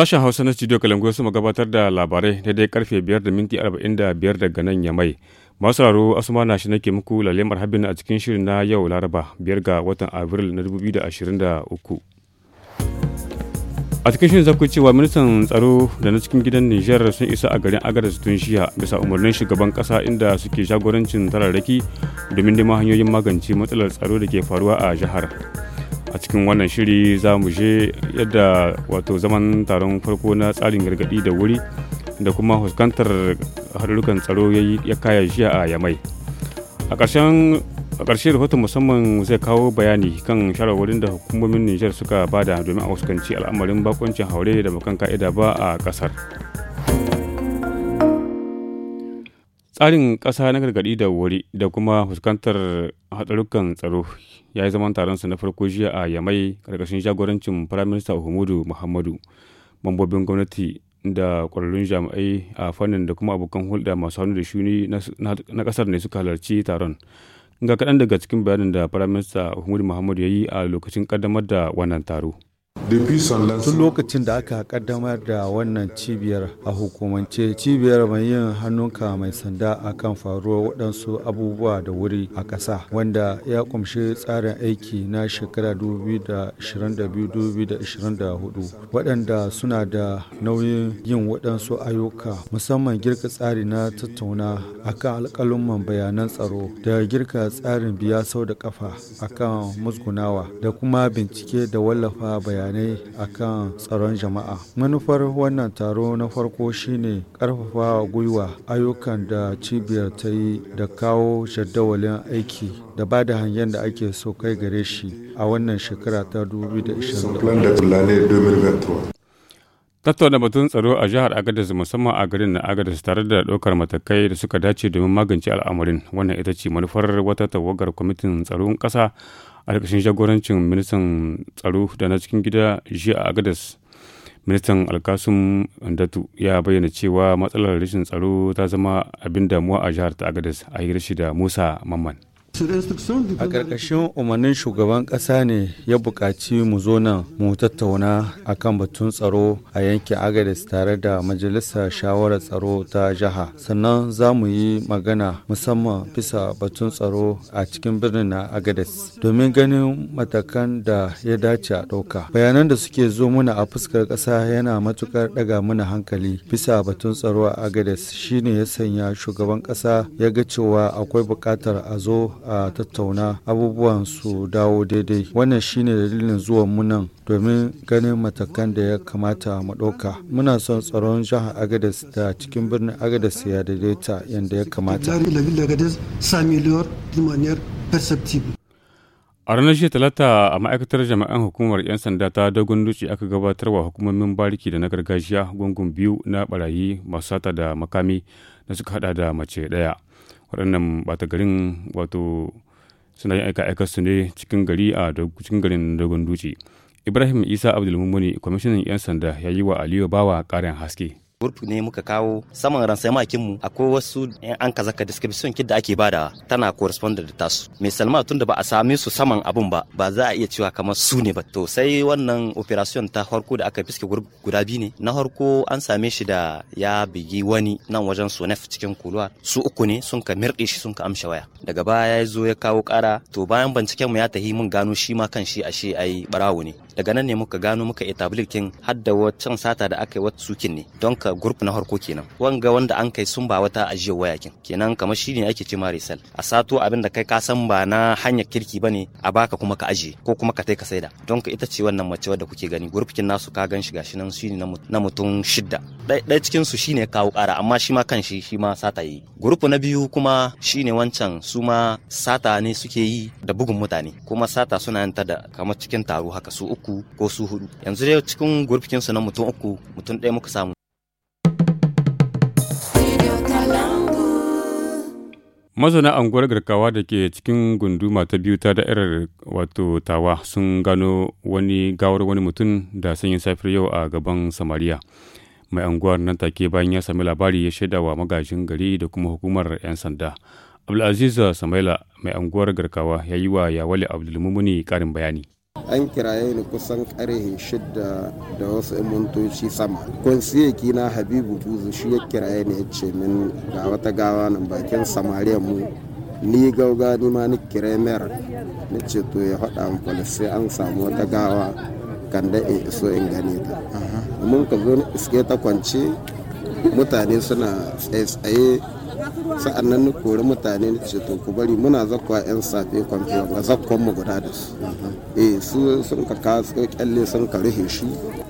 Sashen Hausa na Studio Kalangu su gabatar da labarai daidai karfe 5 da minti 45 daga nan ya mai. Masu raro Asuma na shi nake muku lalemar marhabin a cikin shirin na yau Laraba 5 ga watan Abril na 2023. A cikin shirin zaku cewa ministan tsaro da na cikin gidan Nijar sun isa a garin Agadez tun shiya bisa umarnin shugaban kasa inda suke jagorancin tararraki domin neman hanyoyin magance matsalar tsaro da ke faruwa a jihar. cikin wannan shiri za mu je yadda wato zaman taron farko na tsarin gargadi da wuri da kuma fuskantar harurukan tsaro ya kaya shi a yamai a ƙarshen ƙarshe rahoton musamman zai kawo bayani kan shawarwarin da hukumomin nijar suka bada domin a fuskanci al'amarin bakoncin haure da bakan ka'ida ba a ƙasar tsarin ƙasa na gargaɗi da wuri da kuma fuskantar hatsarukan tsaro ya yi zaman sa na farko jiya a yamai ƙarƙashin jagorancin firaminista uhumudu muhammadu mambobin gwamnati da ƙwararrun jami'ai a fannin da kuma abokan hulɗa masu hannu da shuni na ƙasar ne suka halarci taron ga kaɗan daga cikin bayanin da firaminista uhumudu muhammadu ya yi a lokacin ƙaddamar da wannan taro Tun lokacin da aka kaddamar da wannan cibiyar a hukumance cibiyar mai yin hannunka mai sanda akan faruwar waɗansu abubuwa da wuri a ƙasa wanda ya kumshi tsarin aiki na shekara 2022-2024 waɗanda suna da nauyin yin waɗansu ayyuka musamman girka tsari na tattauna akan alƙalumman bayanan tsaro da girka tsarin biya sau da kafa akan musgunawa da kuma bincike da wallafa bayanai bayanai akan tsaron jama'a. Manufar wannan taro na farko shine karfafa gwiwa ayyukan da cibiyar ta yi da kawo jadawalin aiki da ba da hanyar da ake so kai gare shi a wannan shekara ta 2020. tattauna batun tsaro a jihar agadez musamman a garin na agadez tare da ɗaukar matakai da suka dace domin magance al'amarin wannan ita ce manufar wata tawagar kwamitin tsaron ƙasa a ƙarƙashin jagorancin ministan tsaro da na cikin gida jiya a agadas ministan alkasum datu ya bayyana cewa matsalar rashin tsaro ta zama abin damuwa a jihar ta agadas a hirshi da musa mamman a ƙarƙashin umarnin shugaban ƙasa ne ya buƙaci mu zo nan mu tattauna a kan batun tsaro a yankin agadis tare da majalisar shawarar tsaro ta jiha sannan za mu yi magana musamman bisa batun tsaro a cikin birnin na agadis domin ganin matakan da ya dace a ɗauka bayanan da suke zo muna a fuskar ƙasa yana matuƙar ɗaga mana hankali bisa batun tsaro a agadis shine ya sanya shugaban ƙasa ya ga cewa akwai buƙatar a zo a tattauna abubuwan su dawo daidai wannan shine dalilin zuwa munan domin ganin matakan da ya kamata mu ɗauka muna son tsaron jihar agadas da cikin birnin agadas ya daidaita yadda ya kamata a ranar shi talata a ma'aikatar jama'an hukumar 'yan sanda ta dogon duci aka gabatar wa hukumomin bariki da na gargajiya gungun biyu na barayi masu sata da makami da suka hada da mace daya waɗannan bata garin wato suna yin aika su ne cikin gari a cikin garin dogon duci ibrahim isa abdulmumuni kwamishinan 'yan sanda ya yi wa aliyu bawa ƙarin haske gurfi ne muka kawo saman sai makin mu akwai wasu an kaza ka description kid da ake bada tana correspond da tasu mai salma tun da ba a same su saman abun ba ba za a iya cewa kamar su ne ba to sai wannan operation ta farko da aka fiske guda biyu ne na farko an same shi da ya bigi wani nan wajen sonef cikin kuluwa su uku ne sun ka mirɗe shi sun ka amsha waya daga baya ya zo ya kawo kara to bayan binciken mu ya tahi mun gano shi ma kan shi ashe ai barawo ne daga nan ne muka gano muka etablikin har da wancan sata da aka yi wata sukin ne don ka ka group na harko kenan wanga wanda an kai sun ba wata ajiyar waya kenan kamar shi ne ake ce resell a sato abin da kai ka san ba na hanyar kirki bane a baka kuma ka ajiye ko kuma ka tai ka saida don ka ita ce wannan mace wadda kuke gani group kin nasu ka gan shi gashi nan shi ne na mutum shidda ɗaya cikin su shine kawo ƙara amma shi ma kan shi shi ma sata yi group na biyu kuma shine wancan su ma sata ne suke yi da bugun mutane kuma sata suna yin ta da kamar cikin taro haka su uku ko su hudu yanzu dai cikin group su na mutum uku mutum ɗaya muka samu Masana anguwar garkawa da ke cikin gunduma ta biyu ta da'irar wato tawa sun gano wani gawar wani mutum da sanyi safir yau a gaban samariya. Mai anguwar nan take bayan ya sami labari ya shaida wa magajin gari da kuma hukumar 'yan sanda. Abdulaziz Samaila mai anguwar garkawa ya yi wa yawali Abdulmumuni karin bayani. an kiraye ni kusan karhe shidda da wasu mintoci sama konsiye na habibu buzu shi ya kiraye ni ya ce min ga wata gawa nan bakin samariya mu ni gauga ni ma ni kire mer ni ce to ya faɗa min sai an samu wata gawa kan da in iso in gane ta mun ka zo iske ta kwance mutane suna tsaye sa'annan na kori mutane na ce to ku bari muna zakwa yan safe kwamfiyar ga zakkon mu guda da su eh su sun ka ka su kyalle sun ka rufe shi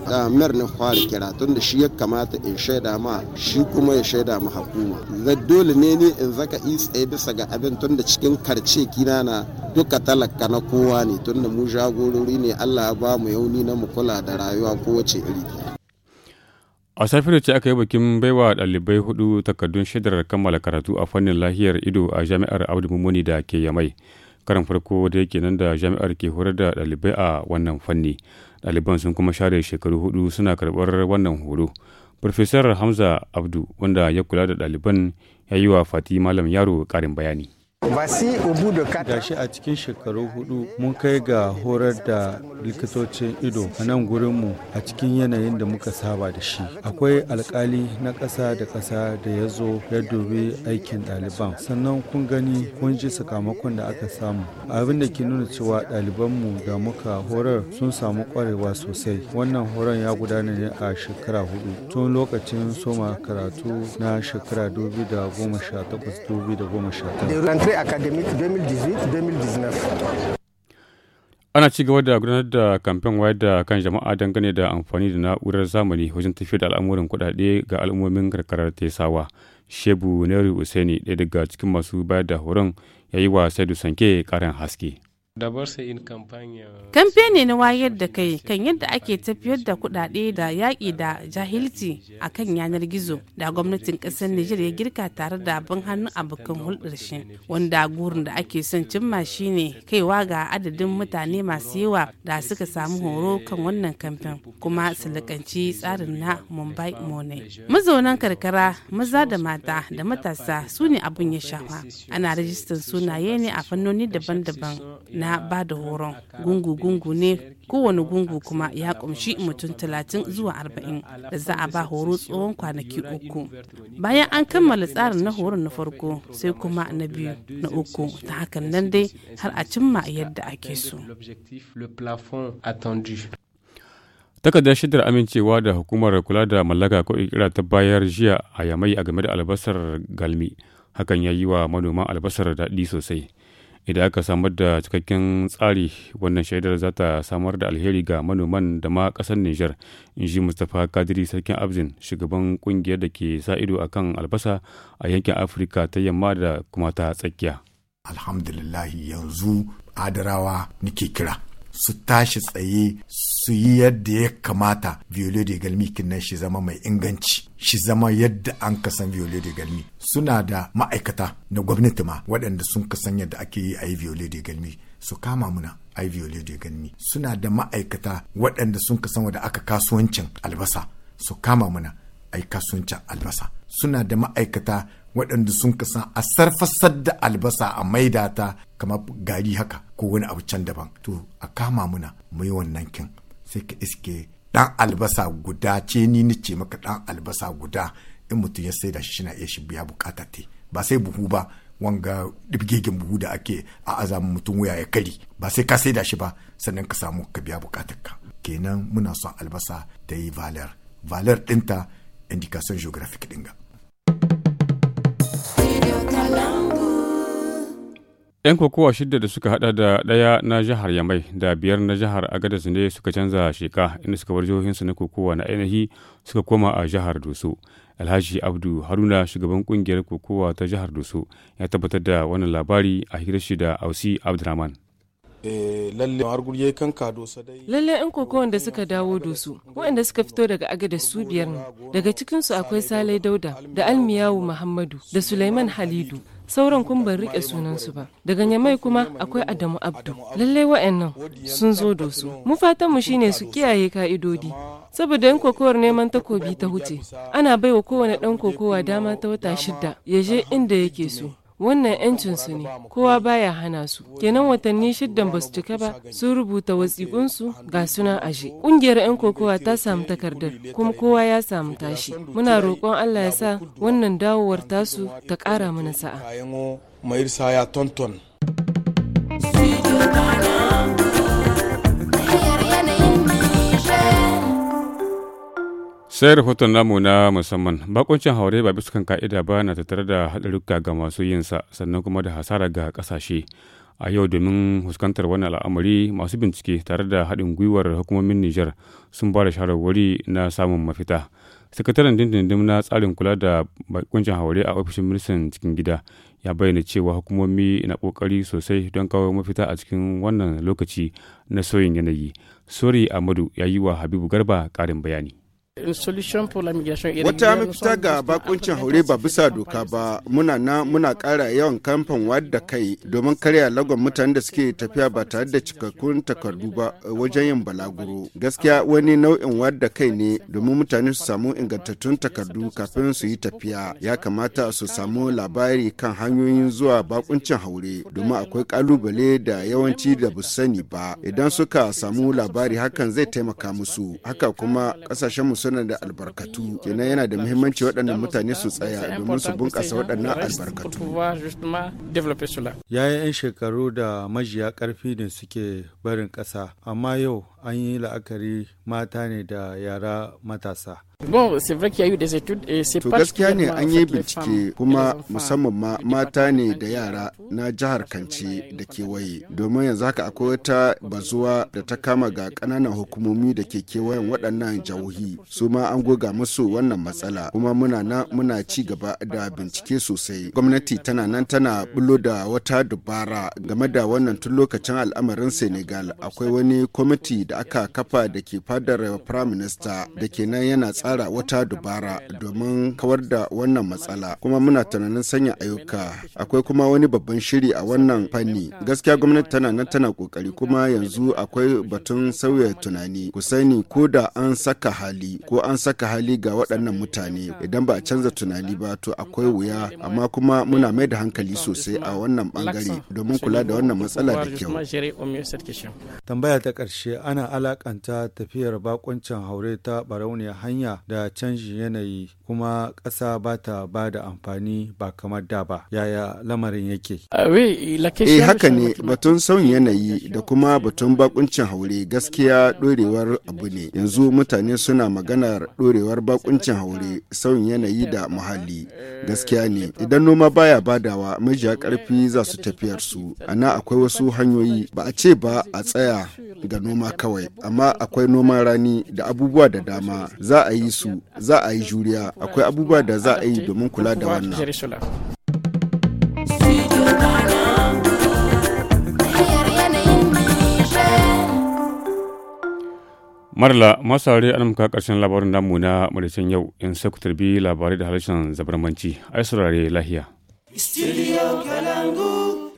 da mer ne fara kira tun da shi ya kamata in shaida ma shi kuma ya shaida ma hukuma da dole ne ne in zaka yi tsaye bisa ga abin tun da cikin karce kina na duka talaka na kowa ne tun da mu jagorori ne Allah ya ba mu yauni na mu kula da rayuwa kowace iri A safiyar ce aka yi bikin baiwa ɗalibai hudu takardun shaidar kammala karatu a fannin lahiyar ido a jami'ar Abdu Mumuni da ke Yamai. Karan farko da yake nan da jami'ar ke horar da ɗalibai a wannan fanni. Ɗaliban sun kuma share shekaru hudu suna karɓar wannan horo. Farfesar Hamza Abdu wanda ya kula da ɗaliban ya yi wa Fati Malam Yaro ƙarin bayani. Gashi a cikin shekaru hudu mun kai ga horar da likitocin ido a nan gurinmu a cikin yanayin da muka saba da shi. Akwai alkali na ƙasa da ƙasa da ya zo ya dubi aikin ɗaliban. Sannan kun gani kun ji sakamakon da aka samu. Abin da ke nuna cewa ɗalibanmu da muka horar sun samu ƙwarewa sosai. Wannan horar ya gudana ne a shekara hudu tun lokacin soma karatu na shekara 2018-2019. rentrée académique 2018-2019. ana ci gaba da gudanar da kamfen wayar da kan jama'a dangane da amfani da na'urar zamani wajen tafiyar da al'amuran kudade ga al'ummomin karkarar tesawa shebu neri useni ɗaya daga cikin masu bayar da horon ya yi wa saidu sanke karin haske Kamfeni uh, na wayar da kai kan yadda ake tafiyar da kudade da yaƙi da jahilci a kan yanar gizo da gwamnatin ƙasar Nijar ya girka tare da abin hannu abokan hulɗar shi wanda gurin da ake son cimma shine kaiwa ga adadin mutane masu yawa da suka samu horo kan wannan kamfen kuma su tsarin na Mumbai Money. Mazaunan karkara maza da mata da matasa su ne abin ya shafa ana rajistar sunaye ne a fannoni daban-daban na ba da horon gungu-gungu ne kowane gungu kuma ya kumshi mutum talatin zuwa arba'in da za a ba horo tsohon kwanaki uku bayan an kammala tsarin na horon na farko sai kuma na biyu na uku ta hakan nan dai har a cimma yadda ake so takardar shaidar amincewa da hukumar kula da mallaka ko kira ta bayar jiya a yamai a game da albasar galmi hakan ya yi wa manoman albasar daɗi sosai idan aka samar da cikakken tsari wannan shaidar za ta samar da alheri ga manoman da ma kasar niger in ji mustapha kadiri sarkin abzin shugaban kungiyar da ke sa ido a kan albasa a yankin afirka ta yamma da kuma ta tsakiya alhamdulillahi yanzu adarawa nike kira su tashi tsaye su yi yadda ya kamata violet da galmi kinnan shi zama mai inganci shi zama yadda an kasan violet de galmi suna da ma'aikata na gwamnati ma waɗanda sun kasan yadda ake yi a yi violet de galmi su kama muna a yi violet de galmi suna da ma'aikata waɗanda sun kasan wadda aka kasuwancin albasa su kama muna a yi kasuwancin albasa suna da ma'aikata waɗanda sun kasa a sarfasar da albasa a maida ta kamar gari haka ko wani abu can daban to a kama muna mu yi wannan kin sai ka iske ɗan albasa guda ce ni ce maka ɗan albasa guda in mutum ya sai da shi shina iya shi biya bukata te ba sai buhu ba wanga dibgegen buhu da ake a azamin mutum wuya ya kari ba sai ka sai da shi ba sannan ka samu ka biya bukatar ka kenan muna son albasa ta yi valer valer ɗinta indication geographic ɗinga 'Yan kokowa shida da suka hada da ɗaya na jihar Yamai da biyar na jihar Agadez ne suka canza sheka inda suka bar jihohinsu na kokowa na ainihi suka koma a jihar Doso. Alhaji Abdu Haruna shugaban kungiyar kokowa ta jihar Doso ya tabbatar da wannan labari a hirarshi da Ausi Abdurrahman. Eh, lalle yan koko da suka dawo doso waɗanda suka fito daga agada su biyar ne daga cikinsu akwai Salai Dauda da Almiyawu Muhammadu da Sulaiman Halidu sauran kun ban rike sunansu ba daga nyamai kuma akwai adamu abdu lallai wa'annan sun zo da su mu fatan mu shine su kiyaye ka'idodi saboda yan kokowar neman takobi ta huce ana baiwa kowane dan kokowa dama ta wata shida ya je inda yake so wannan yancin su ne kowa baya hana su kenan watanni shidda ba su cika ba sun rubuta wasiƙunsu ga sunan aje ƙungiyar 'yan kokowa ta samu takardar kuma kowa ya samu tashi muna roƙon allah ya sa wannan dawowar tasu ta ƙara mana sa'a sai rahoton namu na musamman bakuncin haure ba bisa kan ka'ida ba na tattare da haɗarurruka ga masu yinsa sannan kuma da hasara ga ƙasashe a yau domin fuskantar wannan al'amari masu bincike tare da haɗin gwiwar hukumomin nijar sun ba da shawarwari na samun mafita sakataren dindindin na tsarin kula da bakuncin haure a ofishin ministan cikin gida ya bayyana cewa hukumomi na kokari sosai don kawo mafita a cikin wannan lokaci na sauyin yanayi sori amadu ya yi wa habibu garba ƙarin bayani Wata mafita ga bakuncin haure ba bisa doka ba muna na muna kara yawan kamfan wadda kai domin karya lagon mutanen da suke tafiya ba tare da cikakkun takardu ba wajen yin balaguro. Gaskiya wani nau'in wadda kai ne domin mutane su samu ingantattun takardu kafin su yi tafiya. Ya kamata su samu labari kan hanyoyin zuwa bakuncin haure domin akwai kalubale da yawanci da bu sani ba. Idan suka samu labari hakan zai taimaka musu. Haka kuma kasashen suna da albarkatu kenan yana da muhimmanci waɗannan mutane su tsaya domin su bunƙasa waɗannan albarkatu yayin 'yan shekaru da majiya ƙarfi ne suke barin ƙasa amma yau an yi la'akari mata ne da yara matasa. Bon, c'est vrai qu'il y a eu des études et c'est pas gaskiya ne an yi bincike kuma musamman ma mata ne da yara na jihar Kanci da kewaye. Domin yanzu haka akwai wata bazuwa da ta kama ga kananan hukumomi da ke kewayen waɗannan jihohi. Su ma an goga musu wannan matsala kuma muna na muna ci gaba da bincike sosai. Gwamnati tana nan tana bullo da wata dubara game da wannan tun lokacin al'amarin Senegal akwai wani kwamiti da aka kafa da ke fadar Prime Minister da ke nan yana tsara wata dubara domin kawar da wannan matsala kuma muna tunanin sanya ayyuka. Akwai kuma wani babban shiri a wannan fanni. Gaskiya gwamnati tana nan tana kokari kuma yanzu akwai batun sauya tunani. Ku sani ko da an saka hali ko an saka hali ga waɗannan mutane idan ba a canza tunani ba to akwai wuya amma kuma muna mai da hankali sosai a wannan bangare domin kula da wannan matsala da kyau. Tambaya ta ƙarshe ana alakanta tafiyar bakuncin haure ta barauniyar hanya da canji yanayi kuma ƙasa ba ta ba da amfani ba kamar da ba yaya lamarin yake uh, eh haka ne batun sauyin yanayi da kuma batun bakuncin haure gaskiya dorewar abu ne yanzu mutane suna maganar dorewar bakuncin haure sauyin yanayi da muhalli gaskiya ne idan noma baya badawa majiya karfi za su tafiyar su ana akwai wasu hanyoyi ba a ce ba a tsaya ga noma kawai kawai amma akwai noman rani da abubuwa da dama za a yi su za a yi juriya akwai abubuwa da za a yi domin kula da wannan marla masu aure an muka karshen labarin namu na maricin yau in sai ku tarbi labarai da harshen zabarmanci ai saurare lahiya. Studio Kalangu.